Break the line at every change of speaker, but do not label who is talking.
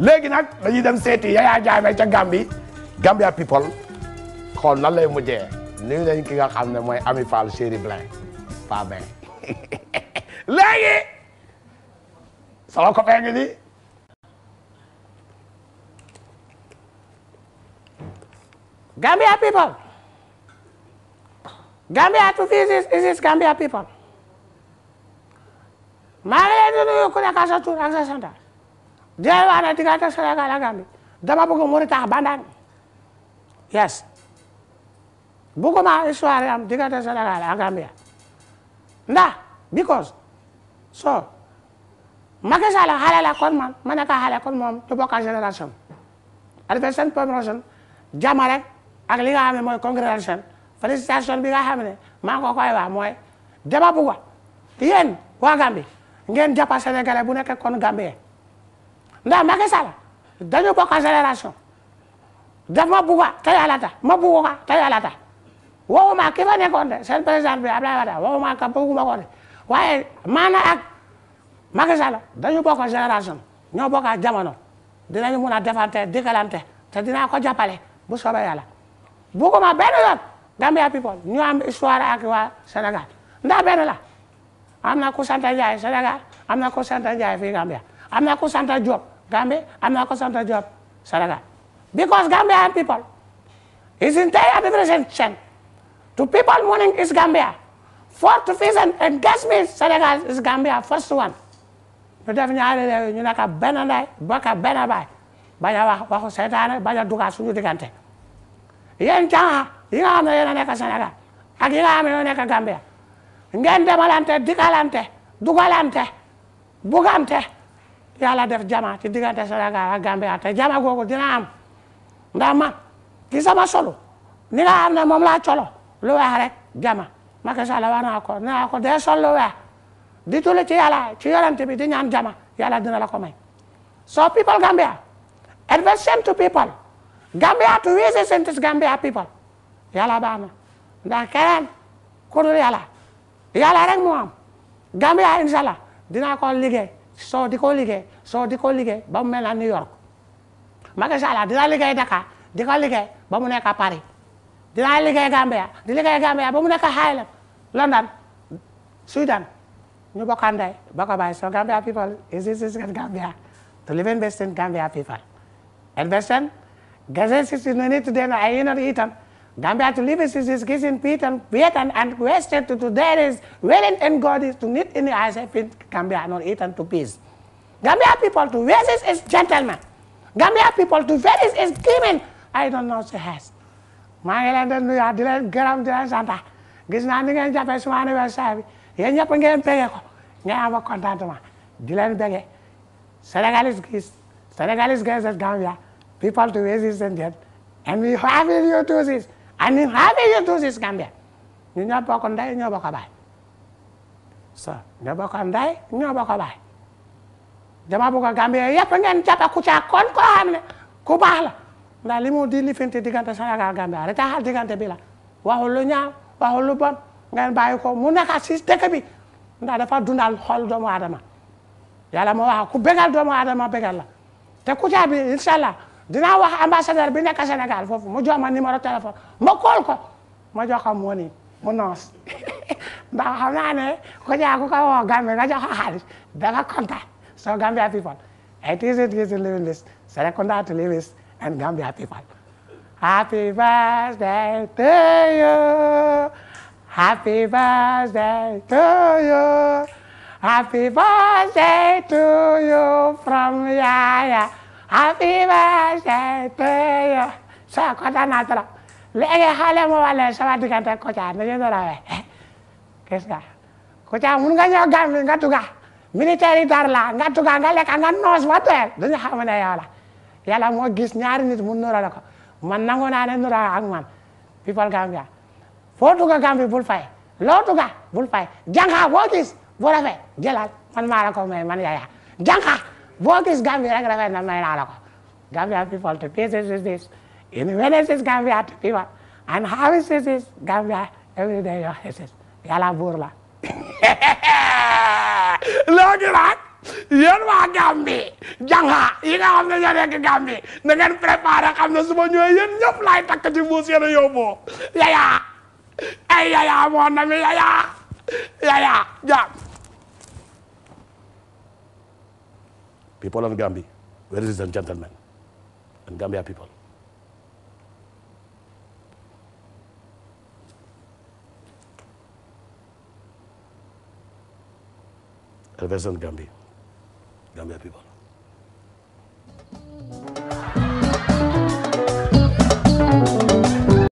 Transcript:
léegi nag dañuy dem seeti Yaya Jammeh ca Gambie Gambia people xool nan lay mujjee nuyu nañ ki nga xam ne mooy Ami Fall Chéri Blin Pa Ben léegi sama copain ngi ni Gambia people Gambia to this is Gambia people maa ngi leen di nuyu ku nekk sa tur ak sa sant dinañ wax ne diggante Sénégal ak Gambie dama bëgg mu tax bandang yes bëgguma histoire am diggante Sénégal ak Gambie ndax because so Macky Sall xale la kon ma nekk xale kon moom ñu bokk génération advers promotion jàmm ak li nga mooy congrégation félicitation bi nga ne maa ngi ko mooy dama bëgg yéen waa Gambie ngeen jàpp Sénégalais bu nekk kon ndax Macky Sall dañu bokk génération daf ma bugg a tey àll ta ma bugg a tey àll ta wowuma ki nekkoon de seen président bi Abdoulaye Wade wowuma ka bëgguma ko de waaye maanaam ak Macky Sall dañu génération ñoo bokk ak jamono dinañu mun a defante digalante te dinaa ko jàppale bu soobee yàlla bugguma benn yoon Gambia people ñu am histoire ak waa Sénégal ndax benn la am na ku sant Ndiaye Sénégal am na ku sant Ndiaye fii Gambia am na ku sant Diop Gambia I'm not consultant job Senegal because Gambia and people his entire administration to people morning is Gambia fourth phase and engagement Senegal is Gambia first one ñu def ñaari réew ñu nekk benn nday bokk benn baay bañ a wax waxu seytaane bañ a dugal suñu diggante yéen caa yi nga xam ne yéen a nekk ak yi nga xam ne yéen a nekk Gambia dikalante dugalante bugante yàlla def jama ci diggante Sénégal ak Gambia te jama googu dina am ndax man ci sama solo ni nga xam ne moom laa colo lu weex rek jama Macky Sall wax naa ko naa sol lu weex di tulli ci yàlla ci yorante bi di ñaan jama yàlla dina la ko so people Gambia adversity to people Gambia to resist in this Gambia people yàlla baax na ndax keneen ku dul yàlla rek mu am Gambia incha allah dinaa ko liggéey soo di ko liggéey soo di ko liggéey ba mu mel na New York Macky Sall dina liggéey Dakar di liggéey ba mu nekk Paris dinaa liggéey Gambia di liggéey Gambia ba mu nekk Highland London Sweden ñu bokkandey ba ko bàyyi so Gambia people is this is Gambia to live and people invest in si si ne de na ay yéen Gambia to live is his kissing feet and wait and, and to, to is willing and God is to need any eyes fit Gambia not eat to peace. Gambia people to waste is gentlemen. Gambia people to various is given. I don't know si xees maa ngi leen di nuyu di leen gërëm di leen sant gis naa ni ngeen jàppee suma anniversaire bi yéen ñëpp ngeen ngeen am contentement di leen amin haadija tuusis Gambia ñu ñoo bokk nday ñoo bokk baay so ñoo bokk nday ñoo bokk baay dama bëgg Gambia yëpp ngeen koo xam ku baax la li mu di lifinti diggante Sénégal Gambia rek taxal diggante bi la waxul lu ñaaw waxul bon ngeen bàyyi ko mu nekk si dëkk bi ndax dundal xol doomu aadama yàlla moo wax ku bégal doomu aadama bégal la te ku bi incha dinaa wax ambassadeur bi nekk Sénégal foofu mu jox ma numéro téléphone ma mu nii mu noos ndax xam naa ne ku ñaa ku ko woo Gambie nga jox ko xaalis danga kontaan so Gambia people it is it is living this Serekunda to live and Gambia happy birthday to you happy to you happy birthday to you from Yaya happy birthday to you sa kontaan naa trop léegi xale mu wàll sama diggante Kouthia nañu doon rawee gis mun nga ñëw Gàmbi nga tuga militaire yi dar nga tuga nga lekk nga noos ba teel dañu xam ne yow la yàlla moo gis ñaari nit mu nurale ko man nangu naa ne ak man people Gambia foo tuga Gàmbi bul fay loo tuga bul fay gis bu rafet jëlal man maa la ko man yaya jànqa boo gis Gambia rek rafet na may naa la ko Gambia people the places is this in Venice is Gambia to people and how is this is Gambia every day yoo is this yàlla buur la léegi nag yéen waa Gambie jànga yi nga xam ne ñoo nekk Gambie na ngeen préparé xam ne ma ñëwee yéen ñëpp laay takk ci mbuus yéen a yóbboo yaya ay yaya moo na mi yaya yaya ja people of Gambia, ladies and gentlemen, and Gambia people. Represent Gambia, Gambia people.